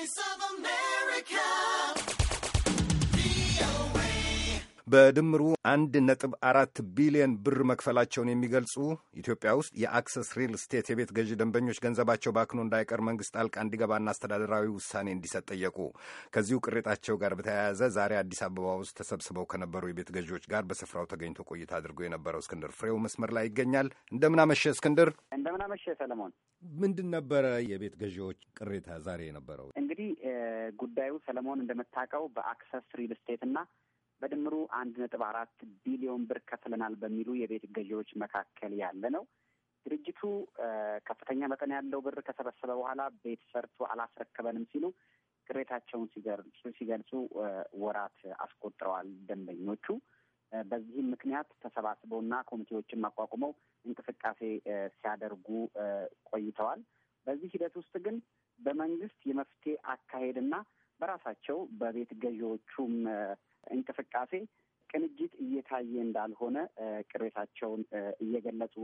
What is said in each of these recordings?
Voice of America. በድምሩ አንድ ነጥብ አራት ቢሊዮን ብር መክፈላቸውን የሚገልጹ ኢትዮጵያ ውስጥ የአክሰስ ሪል ስቴት የቤት ገዢ ደንበኞች ገንዘባቸው ባክኖ እንዳይቀር መንግስት ጣልቃ እንዲገባና አስተዳደራዊ ውሳኔ እንዲሰጥ ጠየቁ። ከዚሁ ቅሬታቸው ጋር በተያያዘ ዛሬ አዲስ አበባ ውስጥ ተሰብስበው ከነበሩ የቤት ገዢዎች ጋር በስፍራው ተገኝቶ ቆይታ አድርጎ የነበረው እስክንድር ፍሬው መስመር ላይ ይገኛል። እንደምናመሸ እስክንድር። እንደምናመሸ ሰለሞን። ምንድን ነበረ የቤት ገዢዎች ቅሬታ ዛሬ የነበረው? እንግዲህ ጉዳዩ ሰለሞን እንደምታውቀው በአክሰስ ሪል ስቴት እና በድምሩ አንድ ነጥብ አራት ቢሊዮን ብር ከፍለናል በሚሉ የቤት ገዢዎች መካከል ያለ ነው። ድርጅቱ ከፍተኛ መጠን ያለው ብር ከሰበሰበ በኋላ ቤት ሰርቶ አላስረከበንም ሲሉ ቅሬታቸውን ሲገልጹ ወራት አስቆጥረዋል። ደንበኞቹ በዚህም ምክንያት ተሰባስበውና ኮሚቴዎችን አቋቁመው እንቅስቃሴ ሲያደርጉ ቆይተዋል። በዚህ ሂደት ውስጥ ግን በመንግስት የመፍትሄ አካሄድና በራሳቸው በቤት ገዢዎቹም እንቅስቃሴ ቅንጅት እየታየ እንዳልሆነ ቅሬታቸውን እየገለጹ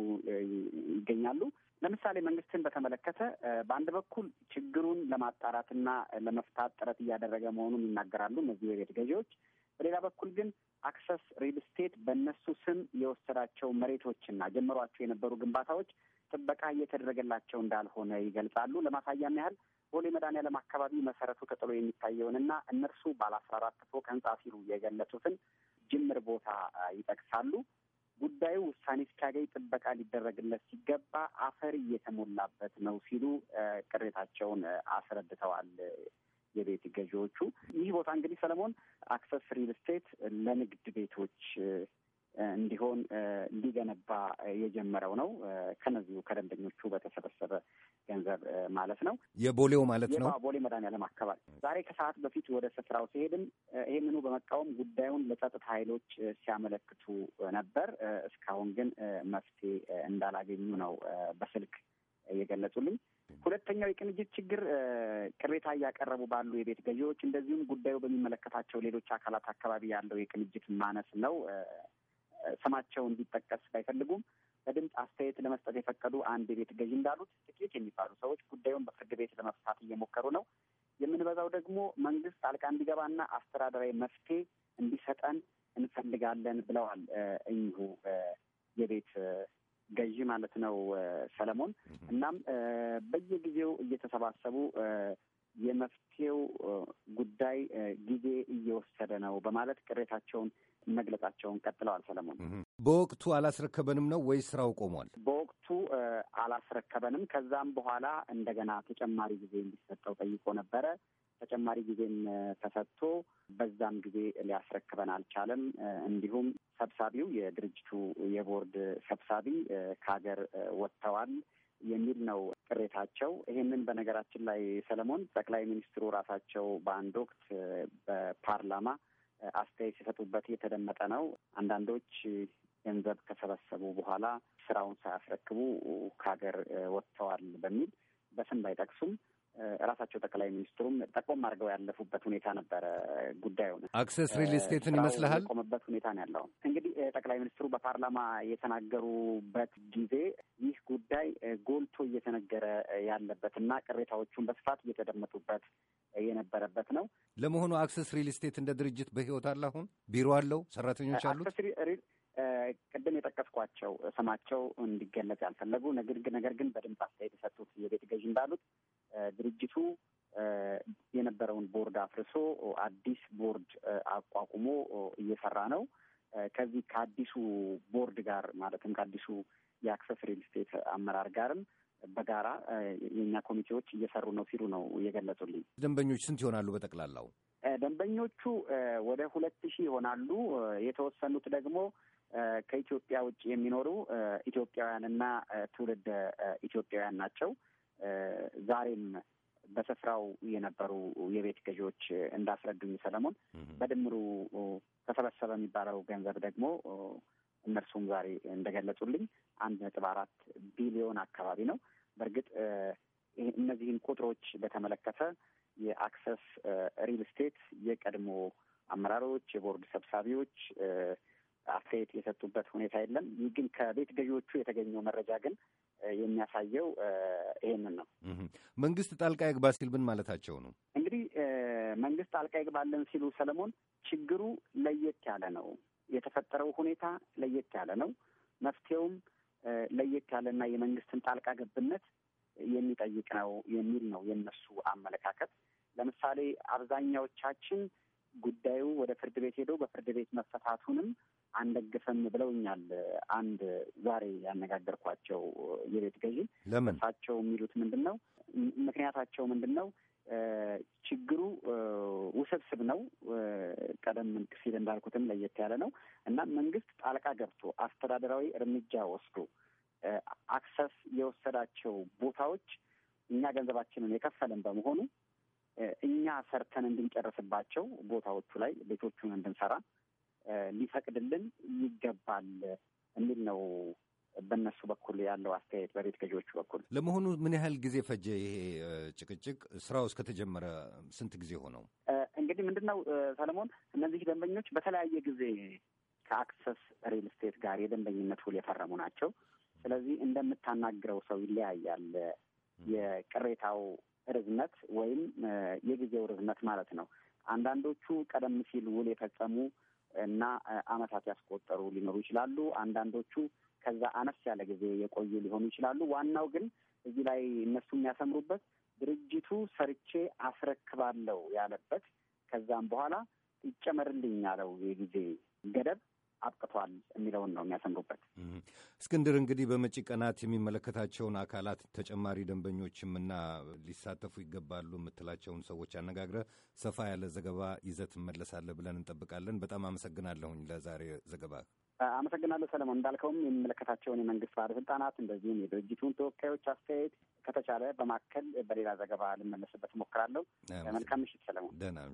ይገኛሉ። ለምሳሌ መንግስትን በተመለከተ በአንድ በኩል ችግሩን ለማጣራትና ለመፍታት ጥረት እያደረገ መሆኑን ይናገራሉ እነዚህ የቤት ገዢዎች። በሌላ በኩል ግን አክሰስ ሪል ስቴት በእነሱ ስም የወሰዳቸው መሬቶችና ጀምሯቸው የነበሩ ግንባታዎች ጥበቃ እየተደረገላቸው እንዳልሆነ ይገልጻሉ። ለማሳያም ያህል ቦሌ መድኃኔዓለም አካባቢ መሰረቱ ተጥሎ የሚታየውንና እነርሱ ባለ አስራ አራት ፎቅ ህንጻ ሲሉ የገለጹትን ጅምር ቦታ ይጠቅሳሉ። ጉዳዩ ውሳኔ እስኪያገኝ ጥበቃ ሊደረግለት ሲገባ አፈር እየተሞላበት ነው ሲሉ ቅሬታቸውን አስረድተዋል። የቤት ገዢዎቹ ይህ ቦታ እንግዲህ ሰለሞን አክሰስ ሪል ስቴት ለንግድ ቤቶች እንዲሆን እንዲገነባ የጀመረው ነው። ከነዚሁ ከደንበኞቹ በተሰበሰበ ገንዘብ ማለት ነው። የቦሌው ማለት ነው። ቦሌ መድኃኔዓለም አካባቢ ዛሬ ከሰዓት በፊት ወደ ስፍራው ሲሄድም ይህንኑ በመቃወም ጉዳዩን ለጸጥታ ኃይሎች ሲያመለክቱ ነበር። እስካሁን ግን መፍትሄ እንዳላገኙ ነው በስልክ እየገለጹልኝ። ሁለተኛው የቅንጅት ችግር ቅሬታ እያቀረቡ ባሉ የቤት ገዢዎች እንደዚሁም ጉዳዩ በሚመለከታቸው ሌሎች አካላት አካባቢ ያለው የቅንጅት ማነስ ነው። ስማቸው እንዲጠቀስ ባይፈልጉም በድምፅ አስተያየት ለመስጠት የፈቀዱ አንድ ቤት ገዢ እንዳሉት ጥቂት የሚባሉ ሰዎች ጉዳዩን በፍርድ ቤት ለመፍታት እየሞከሩ ነው። የምንበዛው ደግሞ መንግስት ጣልቃ እንዲገባና አስተዳደራዊ መፍትሄ እንዲሰጠን እንፈልጋለን ብለዋል እኚሁ የቤት ገዢ ማለት ነው ሰለሞን። እናም በየጊዜው እየተሰባሰቡ የመፍትሄው ጉዳይ ጊዜ እየወሰደ ነው በማለት ቅሬታቸውን መግለጻቸውን ቀጥለዋል። ሰለሞን በወቅቱ አላስረከበንም ነው ወይ ስራው ቆሟል? በወቅቱ አላስረከበንም። ከዛም በኋላ እንደገና ተጨማሪ ጊዜ እንዲሰጠው ጠይቆ ነበረ። ተጨማሪ ጊዜም ተሰጥቶ በዛም ጊዜ ሊያስረክበን አልቻለም። እንዲሁም ሰብሳቢው የድርጅቱ የቦርድ ሰብሳቢ ከሀገር ወጥተዋል የሚል ነው ቅሬታቸው። ይህንን በነገራችን ላይ ሰለሞን ጠቅላይ ሚኒስትሩ ራሳቸው በአንድ ወቅት በፓርላማ አስተያየት ሲሰጡበት እየተደመጠ ነው። አንዳንዶች ገንዘብ ከሰበሰቡ በኋላ ስራውን ሳያስረክቡ ከሀገር ወጥተዋል በሚል በስም ባይጠቅሱም ራሳቸው ጠቅላይ ሚኒስትሩም ጠቆም አድርገው ያለፉበት ሁኔታ ነበረ። ጉዳዩን አክሰስ ሪል ስቴትን ይመስልሃል ቆመበት ሁኔታ ነው ያለው። እንግዲህ ጠቅላይ ሚኒስትሩ በፓርላማ የተናገሩበት ጊዜ ይህ ጉዳይ ጎልቶ እየተነገረ ያለበት እና ቅሬታዎቹን በስፋት እየተደመጡበት የነበረበት ነው። ለመሆኑ አክሰስ ሪል ስቴት እንደ ድርጅት በህይወት አለ? አሁን ቢሮ አለው? ሰራተኞች አሉት? ቅድም የጠቀስኳቸው ስማቸው እንዲገለጽ ያልፈለጉ ነገር ግን በደንብ አስተያየት የሰጡት የቤት ገዥ እንዳሉት ድርጅቱ የነበረውን ቦርድ አፍርሶ አዲስ ቦርድ አቋቁሞ እየሰራ ነው። ከዚህ ከአዲሱ ቦርድ ጋር ማለትም ከአዲሱ የአክሰስ ሪል ስቴት አመራር ጋርም በጋራ የእኛ ኮሚቴዎች እየሰሩ ነው ሲሉ ነው የገለጹልኝ። ደንበኞች ስንት ይሆናሉ በጠቅላላው? ደንበኞቹ ወደ ሁለት ሺህ ይሆናሉ። የተወሰኑት ደግሞ ከኢትዮጵያ ውጭ የሚኖሩ ኢትዮጵያውያንና ትውልድ ኢትዮጵያውያን ናቸው። ዛሬም በስፍራው የነበሩ የቤት ገዢዎች እንዳስረዱኝ ሰለሞን፣ በድምሩ ተሰበሰበ የሚባለው ገንዘብ ደግሞ እነርሱም ዛሬ እንደገለጹልኝ አንድ ነጥብ አራት ቢሊዮን አካባቢ ነው። በእርግጥ እነዚህን ቁጥሮች በተመለከተ የአክሰስ ሪል ስቴት የቀድሞ አመራሮች፣ የቦርድ ሰብሳቢዎች አስተያየት የሰጡበት ሁኔታ የለም። ይህ ግን ከቤት ገዢዎቹ የተገኘው መረጃ ግን የሚያሳየው ይሄንን ነው። መንግስት ጣልቃ ይግባ ሲል ምን ማለታቸው ነው? እንግዲህ መንግስት ጣልቃ ይግባለን ሲሉ ሰለሞን፣ ችግሩ ለየት ያለ ነው። የተፈጠረው ሁኔታ ለየት ያለ ነው። መፍትሄውም ለየት ያለና የመንግስትን ጣልቃ ገብነት የሚጠይቅ ነው የሚል ነው የእነሱ አመለካከት። ለምሳሌ አብዛኛዎቻችን ጉዳዩ ወደ ፍርድ ቤት ሄዶ በፍርድ ቤት መፈታቱንም አንደግፈም ብለውኛል። አንድ ዛሬ ያነጋገርኳቸው የቤት ገዢ ለምን እሳቸው የሚሉት ምንድን ነው? ምክንያታቸው ምንድን ነው? ችግሩ ውስብስብ ነው። ቀደም ሲል እንዳልኩትም ለየት ያለ ነው እና መንግስት ጣልቃ ገብቶ አስተዳደራዊ እርምጃ ወስዶ አክሰስ የወሰዳቸው ቦታዎች እኛ ገንዘባችንን የከፈልን በመሆኑ እኛ ሰርተን እንድንጨርስባቸው ቦታዎቹ ላይ ቤቶቹን እንድንሰራ ሊፈቅድልን ይገባል የሚል ነው በእነሱ በኩል ያለው አስተያየት በቤት ገዢዎቹ በኩል። ለመሆኑ ምን ያህል ጊዜ ፈጀ ይሄ ጭቅጭቅ? ስራው እስከተጀመረ ስንት ጊዜ ሆነው? እንግዲህ ምንድን ነው ሰለሞን፣ እነዚህ ደንበኞች በተለያየ ጊዜ ከአክሰስ ሪል ስቴት ጋር የደንበኝነት ውል የፈረሙ ናቸው። ስለዚህ እንደምታናግረው ሰው ይለያያል፣ የቅሬታው ርዝመት ወይም የጊዜው ርዝመት ማለት ነው። አንዳንዶቹ ቀደም ሲል ውል የፈጸሙ እና ዓመታት ያስቆጠሩ ሊኖሩ ይችላሉ። አንዳንዶቹ ከዛ አነስ ያለ ጊዜ የቆዩ ሊሆኑ ይችላሉ። ዋናው ግን እዚህ ላይ እነሱ የሚያሰምሩበት ድርጅቱ ሰርቼ አስረክባለሁ ያለበት ከዛም በኋላ ይጨመርልኝ ያለው የጊዜ ገደብ አብቅቷል የሚለውን ነው የሚያሰምሩበት። እስክንድር እንግዲህ በመጪ ቀናት የሚመለከታቸውን አካላት ተጨማሪ ደንበኞችም እና ሊሳተፉ ይገባሉ የምትላቸውን ሰዎች አነጋግረ ሰፋ ያለ ዘገባ ይዘት እመለሳለ ብለን እንጠብቃለን። በጣም አመሰግናለሁኝ ለዛሬ ዘገባ አመሰግናለሁ ሰለሞን። እንዳልከውም የሚመለከታቸውን የመንግስት ባለስልጣናት እንደዚሁም የድርጅቱን ተወካዮች አስተያየት ከተቻለ በማከል በሌላ ዘገባ ልመለስበት እሞክራለሁ። መልካም ምሽት ሰለሞን።